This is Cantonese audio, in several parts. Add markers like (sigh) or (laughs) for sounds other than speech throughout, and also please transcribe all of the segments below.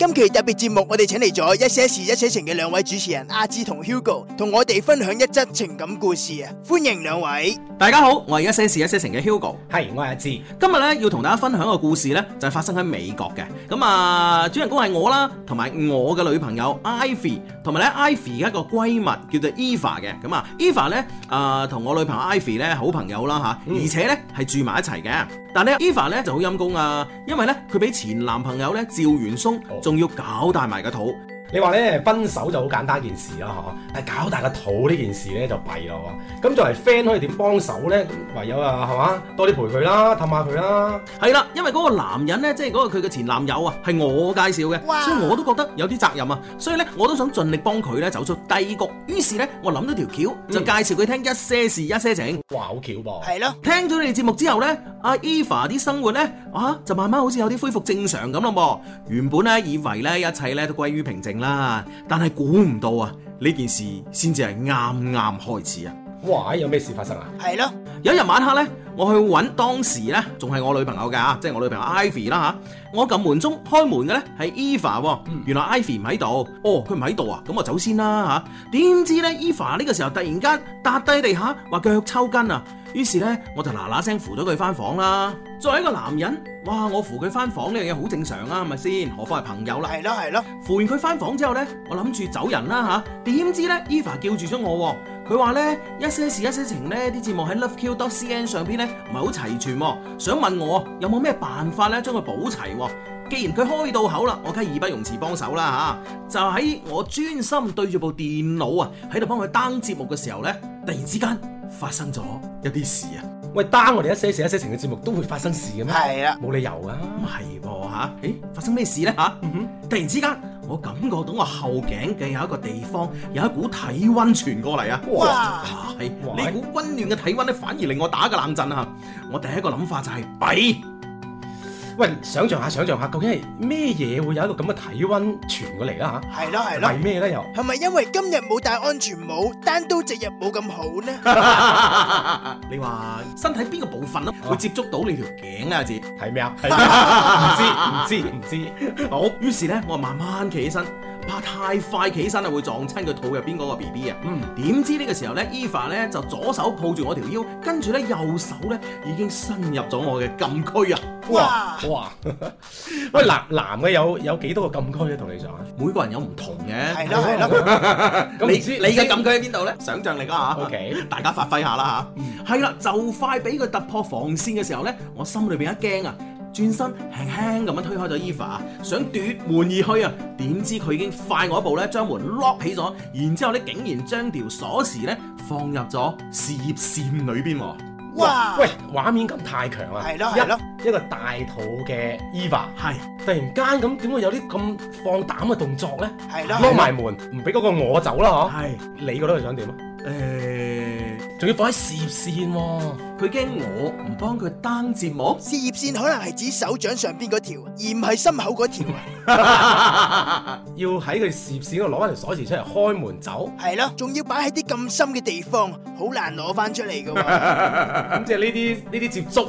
今期特別節目，我哋請嚟咗《一些事一些情》嘅兩位主持人阿智同 Hugo，同我哋分享一則情感故事啊！歡迎兩位，大家好，我係《一些事一些情》嘅 Hugo，係我係阿智，今日咧要同大家分享個故事咧，就係、是、發生喺美國嘅。咁啊，主人公係我啦，同埋我嘅女朋友 Ivy，同埋咧 Ivy 嘅一個閨蜜叫做 Eva 嘅。咁啊，Eva 咧啊，同、呃、我女朋友 Ivy 咧好朋友啦吓，啊嗯、而且咧係住埋一齊嘅。但咧、e、Eva 咧就好陰功啊，因為咧佢畀前男朋友咧趙元松仲要搞大埋個肚。你話咧分手就好簡單件事啦，嚇！但搞大個肚呢件事咧就弊咯喎。咁、嗯、作為 friend 可以點幫手咧？唯有啊，係嘛，多啲陪佢啦，氹下佢啦。係啦，因為嗰個男人咧，即係嗰個佢嘅前男友啊，係我介紹嘅哇，所以我都覺得有啲責任啊。所以咧，我都想盡力幫佢咧走出低谷。於是咧，我諗咗條橋，就介紹佢聽一些事一些情。嗯、哇！好巧噃。係咯的。聽咗你哋節目之後咧，阿 Eva 啲生活咧啊，就慢慢好似有啲恢復正常咁啦噃。原本咧以為咧一切咧都歸於平靜，啦，但係估唔到啊，呢件事先至係啱啱開始啊！哇，有咩事發生啊？係咯，有一日晚黑呢，我去揾當時呢仲係我女朋友噶即係我女朋友 Ivy 啦吓，我撳門鐘開門嘅呢係 Eva，原來 Ivy 唔喺度，哦，佢唔喺度啊，咁我走先啦吓。點知呢，Eva 呢個時候突然間跌低地下，話腳抽筋啊，於是呢，我就嗱嗱聲扶咗佢翻房啦。作為一個男人，哇，我扶佢翻房呢樣嘢好正常啊，係咪先？何況係朋友啦。係咯係咯，扶完佢翻房之後呢，我諗住走人啦吓。點知呢 Eva 叫住咗我，佢話呢，一些事一些情呢啲節目喺 LoveQ.cn 上邊呢，唔係好齊全，想問我有冇咩辦法呢？將佢補齊。既然佢開到口啦，我梗係義不容辭幫手啦吓。就喺我專心對住部電腦啊，喺度幫佢登節目嘅時候呢，突然之間發生咗一啲事啊！喂，單我哋一些寫一些情嘅節目都會發生事嘅咩？係的啊，冇理由噶，係噃吓。誒、 (noise) 哎，發生咩事咧吓，啊？突然之間，我感覺到我後頸嘅有一個地方有一股體溫傳過嚟啊！哇，哇哎，你溫溫呢股溫暖嘅體溫咧，反而令我打個冷震啊！我第一個諗法就係，是，弊。喂，想象下，想象下，究竟係咩嘢會有一個咁嘅體溫傳過嚟啦吓？係咯，係咯，係咩咧又？係咪因為今日冇戴安全帽，單刀直入冇咁好咧？ (laughs) 你話身體邊個部分咯， (laughs) 會接觸到你條頸啊？子係咩啊？唔 (laughs) (laughs) 知唔知唔知。好，於是咧，我慢慢企起身。太快起身啊，會撞親佢肚入邊嗰個 B B 啊！嗯，點知呢個時候咧，Eva 咧就左手抱住我條腰，跟住咧右手咧已經深入咗我嘅禁區哇嘩 (laughs) 啊！哇哇！喂，男男嘅有有幾多個禁區咧？同你講啊，每個人有唔同嘅，係啦係啦。對了 (laughs) 你 (laughs) 知你嘅禁區喺邊度咧？想 (laughs) 象力啊吓！O K，大家發揮下啦吓，係啦， (laughs) 就快俾佢突破防，防線嘅時候咧，我心裏邊一驚啊！轉身輕輕咁樣推開咗 Eva，想奪門而去啊！點知佢已經快我一步咧，將門 lock 起咗，然之後咧竟然將條鎖匙咧放入咗事業線裏邊。哇！喂，畫面感太強啊！係咯係咯，一，的一個大肚嘅 Eva，係突然間咁，點會有啲咁放膽嘅動作咧？係咯 lock 埋門唔俾嗰個我走啦嗬？係的你覺得佢想點啊？誒、嗯，仲要放喺事業線喎、啊。佢驚我唔幫佢 down 節目，事業線可能係指手掌上邊嗰條，而唔係心口嗰條。要喺佢事業線度攞返條鎖匙出嚟開門走，係咯，仲要擺喺啲咁深嘅地方，好難攞返出嚟嘅嘛。咁即係呢啲呢啲接觸，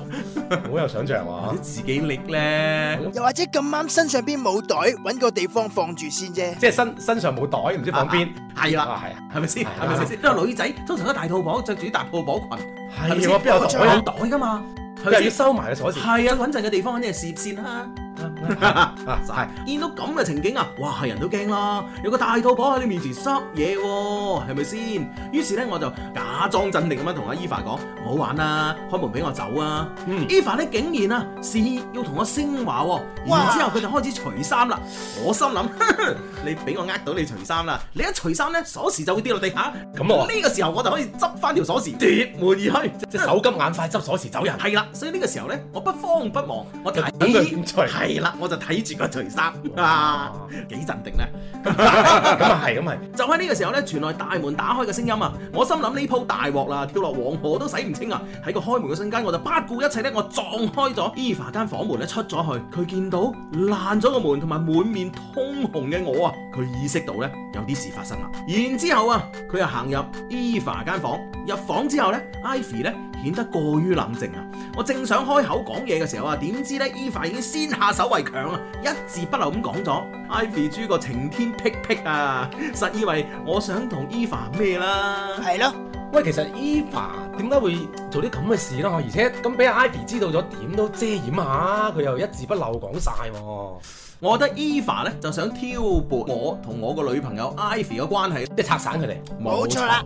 好有想像喎。自己拎咧，又或者咁啱身上邊冇袋，揾個地方放住先啫。即係身身上冇袋，唔知放邊。係啦，係啊，係咪先？係咪先？因為女仔通常都大肚婆，着住大肚婆裙，係喎，我有袋噶、啊啊、嘛，係要收埋嘅鎖匙。係啊，穩陣嘅地方肯定係事業線啦、啊。啊就係 (laughs) 見到咁嘅情景啊，哇，人都驚啦！有個大肚婆喺你面前塞嘢，係咪先？於是咧，我就假裝鎮定咁樣同阿 Eva 講：唔好玩啦，開門俾我走啊、嗯、！Eva 咧竟然啊，是要同我升華，然之後佢就開始除衫啦。哇我心諗， (laughs) 你俾我呃到你除衫啦，你一除衫咧，鎖匙就會跌落地下。咁我呢個時候我就可以執翻條鎖匙，奪門而去，即 (laughs) 手急眼快執鎖匙走人。係啦，所以呢個時候咧，我不慌不忙，我睇等佢點除，係啦。我就睇住個除衫啊，幾 (laughs) 鎮定咧，咁啊係咁係。就喺呢個時候咧，傳來大門打開嘅聲音啊！我心諗呢鋪大鑊啦，跳落黃河都洗唔清啊！喺個開門嘅瞬間，我就不顧一切咧，我撞開咗 EVA 間房門咧，出咗去。佢見到爛咗個門同埋滿面通紅嘅我啊，佢意識到咧有啲事發生啦。然之後啊，佢又行入 EVA 間房，入房之後咧，Ivy 咧顯得過於冷靜啊！我正想開口講嘢嘅時候啊，點知呢 Eva 已經先下手為強啊，一字不漏咁講咗，Ivy 朱個晴天霹靂啊！實以為我想同 Eva 咩啦？係咯的？喂，其實 Eva 點解會做啲咁嘅事啦？而且咁俾 Ivy 知道咗，點都遮掩下，佢又一字不漏講晒啊。我覺得 Eva 呢，就想挑撥我同我個女朋友 Ivy 嘅關係，即係拆散佢哋。冇錯。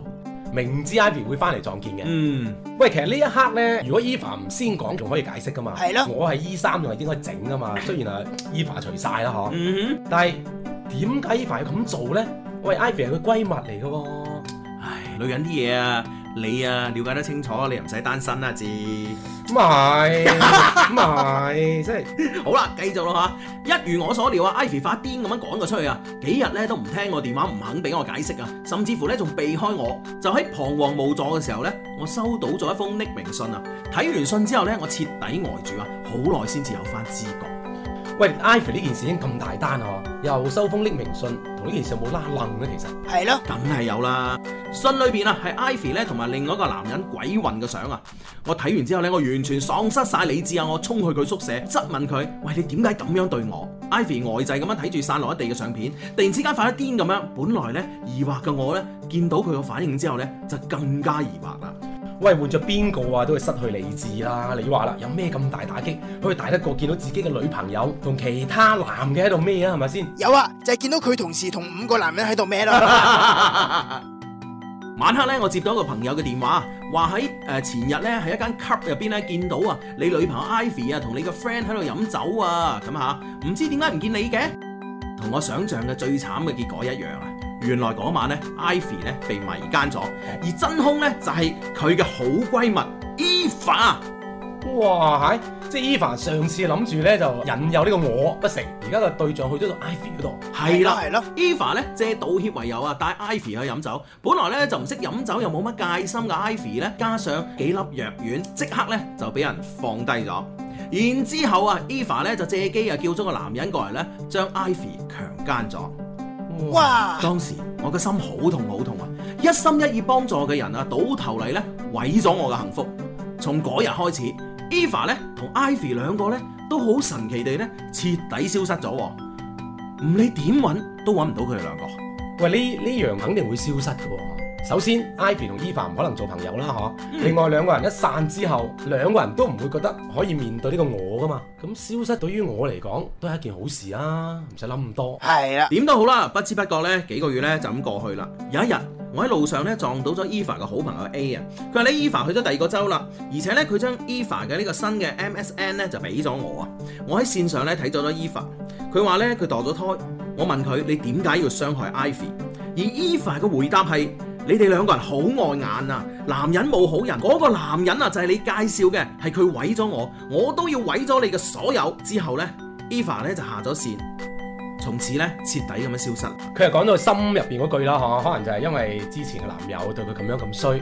明知 Ivy 會翻嚟撞見嘅，嗯，喂，其實呢一刻咧，如果 Eva 唔先講，仲可以解釋噶嘛，係咯，我係 e 三樣應該整噶嘛，雖然啊，Eva 除晒啦嗬，嗯哼，但係點解 Eva 要咁做咧？喂，Ivy 係佢閨蜜嚟嘅喎，唉，女人啲嘢啊～你啊，了解得清楚，你唔使擔心啦，知？咁啊係，咁啊係，即係好啦，繼續咯。吓，一如我所料啊，ivy 發癲咁樣趕佢出去啊，幾日咧都唔聽我電話，唔肯俾我解釋啊，甚至乎咧仲避開我。就喺彷徨無助嘅時候咧，我收到咗一封匿名信啊。睇完信之後咧，我徹底呆、呃、住啊，好耐先至有翻知覺。.喂，Ivy 呢件事已經咁大單啊，又收封匿名信，同呢件事有冇拉楞呢？其實係咯，梗係有啦。信裏面啊，係 Ivy 咧同埋另外一個男人鬼混嘅相啊。我睇完之後咧，我完全喪失晒理智啊！我衝去佢宿舍質問佢：喂，你點解咁樣對我？Ivy 呆滯咁樣睇住散落一地嘅相片，突然之間發咗癲咁樣。本來咧疑惑嘅我咧，見到佢嘅反應之後咧，就更加疑惑啦。喂，換咗邊個啊，都會失去理智啦！你話啦，有咩咁大打擊，可以大得過見到自己嘅女朋友同其他男嘅喺度咩啊？係咪先？有啊，就係、係、見到佢同時同五個男人喺度咩啦！ (laughs) (laughs) 晚黑咧，我接到一個朋友嘅電話，話喺誒前日咧，喺一間 club 入邊咧見到啊，你女朋友 Ivy 啊，同你個 friend 喺度飲酒啊，咁嚇，唔知點解唔見你嘅，同我想象嘅最慘嘅結果一樣啊！原來嗰晚咧，Ivy 咧被迷姦咗，而真凶咧就係佢嘅好閨蜜 Eva。哇，即係 Eva 上次諗住咧就引誘呢個我不成，而家個對象去咗到 Ivy 嗰度，係啦係啦。Eva 咧借道歉為由啊，帶 Ivy 去飲酒，本來咧就唔識飲酒又冇乜戒心嘅 Ivy 咧，加上幾粒藥丸，即刻咧就俾人放低咗。然之後啊，Eva 咧就借機啊叫咗個男人過嚟咧，將 Ivy 強姦咗。哇！當時我嘅心好痛好痛啊！一心一意幫助嘅人啊，倒頭嚟咧毀咗我嘅幸福。從嗰日開始，Eva 咧同 Ivy 兩個咧都好神奇地咧徹底消失咗，啊，唔理點搵都搵唔到佢哋兩個。喂，呢呢樣肯定會消失嘅，啊。首先，Ivy 同 Eva 唔可能做朋友啦，吓。嗯、另外兩個人一散之後，兩個人都唔會覺得可以面對呢個我噶嘛。咁消失對於我嚟講都係一件好事啊，唔使諗咁多。係啊，點都好啦，不知不覺咧幾個月咧就咁過去啦。有一日，我喺路上咧撞到咗，e、Eva 嘅好朋友 A 啊，佢話咧 Eva 去咗第二個州啦，而且咧佢將 Eva 嘅呢個新嘅 MSN 咧就俾咗我啊。我喺線上咧睇咗咗 Eva，佢話咧佢墮咗胎。我問佢你點解要傷害 Ivy？而 Eva 嘅回答係。你哋兩個人好礙眼啊！男人冇好人，嗰個男人啊就係你介紹嘅，係佢毀咗我，我都要毀咗你嘅所有。之後呢，Eva 咧就下咗線，從此咧徹底咁樣消失。佢係講到心入邊嗰句啦，可能就係因為之前嘅男友對佢咁樣咁衰，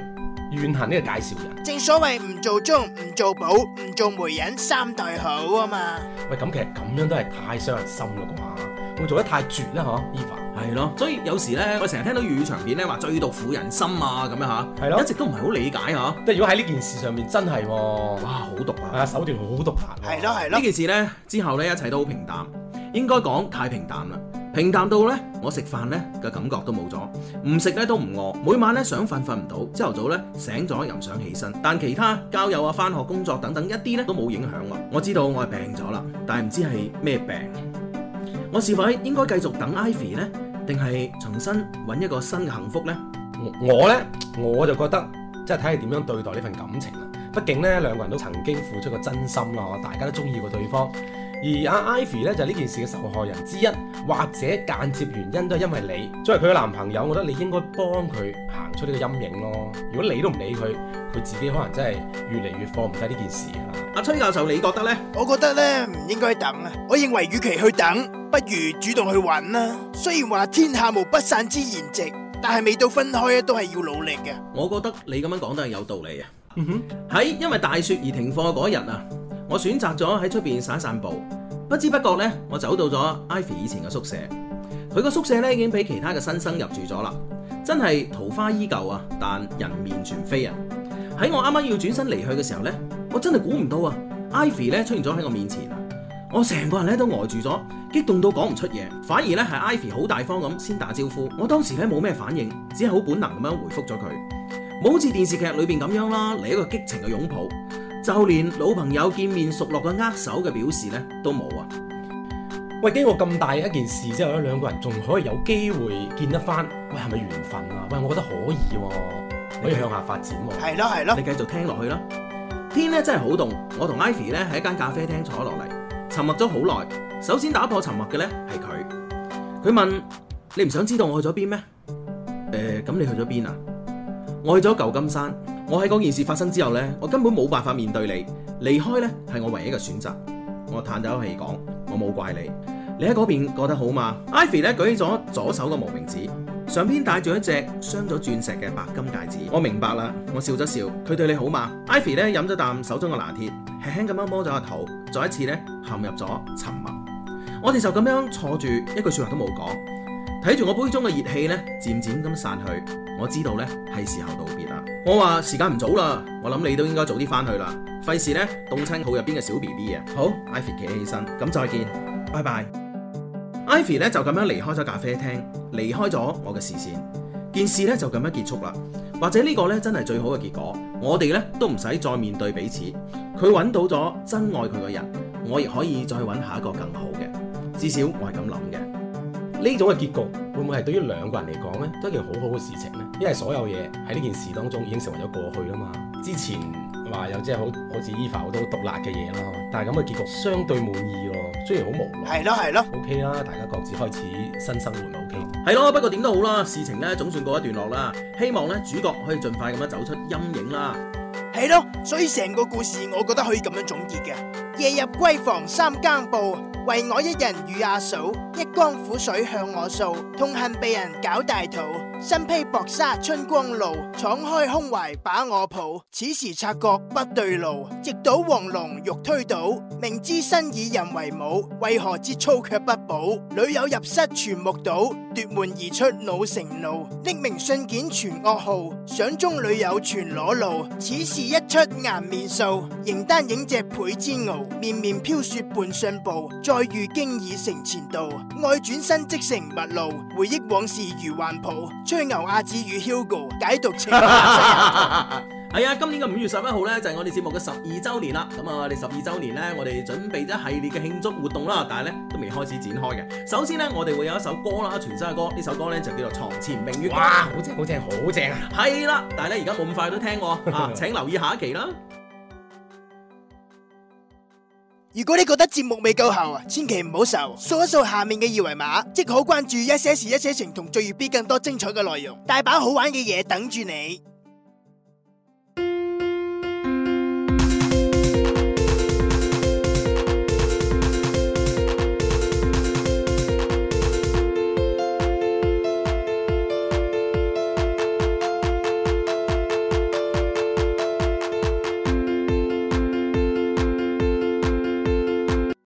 怨恨，呢個介紹人。正所謂唔做中唔做保唔做媒人三代好啊嘛。喂，咁其實咁樣都係太傷人心啦啩，會做得太絕啦 Eva 係咯，所以有時咧，我成日聽到粵語長片咧話最毒婦人心啊，咁樣吓，係咯的，一直都唔係好理解嚇、啊。即係如果喺呢件事上面真係、哦，哇，好毒啊，手段好毒啊！係咯係咯，呢件事咧之後咧，一切都好平淡，應該講太平淡啦，平淡到咧我食飯咧嘅感覺都冇咗，唔食咧都唔餓，每晚咧想瞓瞓唔到，朝頭早咧醒咗又唔想起身，但其他交友啊、返學、工作等等一啲咧都冇影響喎。我知道我係病咗啦，但係唔知係咩病，我是否應該繼續等 Ivy 呢？定係重新搵一個新嘅幸福呢我？我呢，我就覺得即係睇係點樣對待呢份感情啦。畢竟呢，兩個人都曾經付出過真心啦，大家都中意過對方。而阿 Ivy 呢，就係呢件事嘅受害人之一，或者間接原因都係因為你作為佢嘅男朋友，我覺得你應該幫佢行出呢個陰影咯。如果你都唔理佢，佢自己可能真係越嚟越放唔低呢件事啦。阿、啊、崔教授你覺得呢？我覺得呢，唔應該等，我認為與其去等。不如主動去揾啦。雖然話天下無不散之筵席，但係未到分開都係要努力嘅。我覺得你咁樣講都係有道理啊。喺、嗯、哼因為大雪而停課嗰日啊，我選擇咗喺出邊散散步。不知不覺咧，我走到咗 Ivy 以前嘅宿舍。佢個宿舍咧已經俾其他嘅新生入住咗啦。真係桃花依舊啊，但人面全非啊。喺我啱啱要轉身離去嘅時候咧，我真係估唔到啊！Ivy 咧出現咗喺我面前。我成個人咧都呆、呃、住咗，激動到講唔出嘢，反而咧係 Ivy 好大方咁先打招呼。我當時咧冇咩反應，只係好本能咁樣回復咗佢，冇似電視劇裏邊咁樣啦，嚟一個激情嘅擁抱，就連老朋友見面熟落嘅握手嘅表示咧都冇啊。喂，經過咁大一件事之後咧，兩個人仲可以有機會見得返，喂係咪緣分啊？喂，我覺得可以喎、啊，可以向下發展喎。係咯係咯，你繼續聽落去啦。天咧真係好凍，我同 Ivy 咧喺一間咖啡廳坐落嚟。沉默咗好耐，首先打破沉默嘅咧係佢。佢問：你唔想知道我去咗邊咩？誒，咁你去咗邊啊？我去咗舊金山。我喺嗰件事發生之後咧，我根本冇辦法面對你，離開咧係我唯一嘅選擇。我嘆咗口氣講：我冇怪你。你喺嗰邊過得好嗎？Ivy 咧舉起咗左手個無名指。上邊帶住一隻鑲咗鑽石嘅白金戒指，我明白啦，我笑咗笑，佢對你好嗎？Ivy 呢飲咗啖手中嘅拿鐵，輕輕咁樣摸咗下頭，再一次呢陷入咗沉默。我哋就咁樣坐住，一句說話都冇講，睇住我杯中嘅熱氣呢，漸漸咁散去。我知道呢係時候道別啦。我話時間唔早啦，我諗你都應該早啲返去啦，費事呢，凍親肚入邊嘅小 B B 啊。好，Ivy 企起身，咁再見，拜拜。Ivy 咧，就咁樣離開咗咖啡廳，離開咗我嘅視線，件事咧，就咁樣結束啦。或者呢個咧真係最好嘅結果，我哋咧都唔使再面對彼此。佢揾到咗真愛佢嘅人，我亦可以再揾下一個更好嘅。至少我係咁諗嘅。呢種嘅結局會唔會係對於兩個人嚟講咧，都係件好好嘅事情呢？因為所有嘢喺呢件事當中已經成為咗過去啦嘛。之前話有即係好似 Ivy 好多獨立嘅嘢啦，但係咁嘅結局相對滿意喎。雖然好無奈，係咯，係咯，O K 啦，okay, 大家各自開始新生活咪 O K 咯，係咯，不過點都好啦，事情咧總算過一段落啦，希望咧主角可以盡快咁樣走出陰影啦，係咯，所以成個故事我覺得可以咁樣總結嘅。夜入閨房三更報，唯我一人與阿嫂，一江苦水向我訴，痛恨被人搞大肚。身披薄紗春光露，敞開胸懷把我抱。此時察覺不對路，直搗黃龍欲推倒。明知身以人為母，為何節操卻不保？女友入室全目睹，奪門而出惱成怒，匿名信件全噩耗。相中女友全裸露。此事一出顏面掃，形單影隻倍煎熬。綿綿飄雪半信步，再遇經已成前度。愛轉身即成陌路，回憶往事如幻譜。吹牛阿智與 Hugo 解讀情。係啊， (laughs) (laughs) 今年嘅五月十一號呢，就係我哋節目嘅十二周年啦。咁啊，我哋十二周年呢，我哋準備咗一系列嘅慶祝活動啦，但係呢都未開始展開嘅。首先呢，我哋會有一首歌啦，全新嘅歌，呢首歌呢，就叫做《床前明月光》。哇，好正好正好正，係啦。但係呢，而家冇咁快都聽我啊，請留意下一期啦。 (laughs) 如果你覺得節目未夠喉，千祈唔好受，掃一掃下面嘅二維碼，即可關注一些事、一些情同最耀 B 更多精彩嘅內容，大把好玩嘅嘢等住你。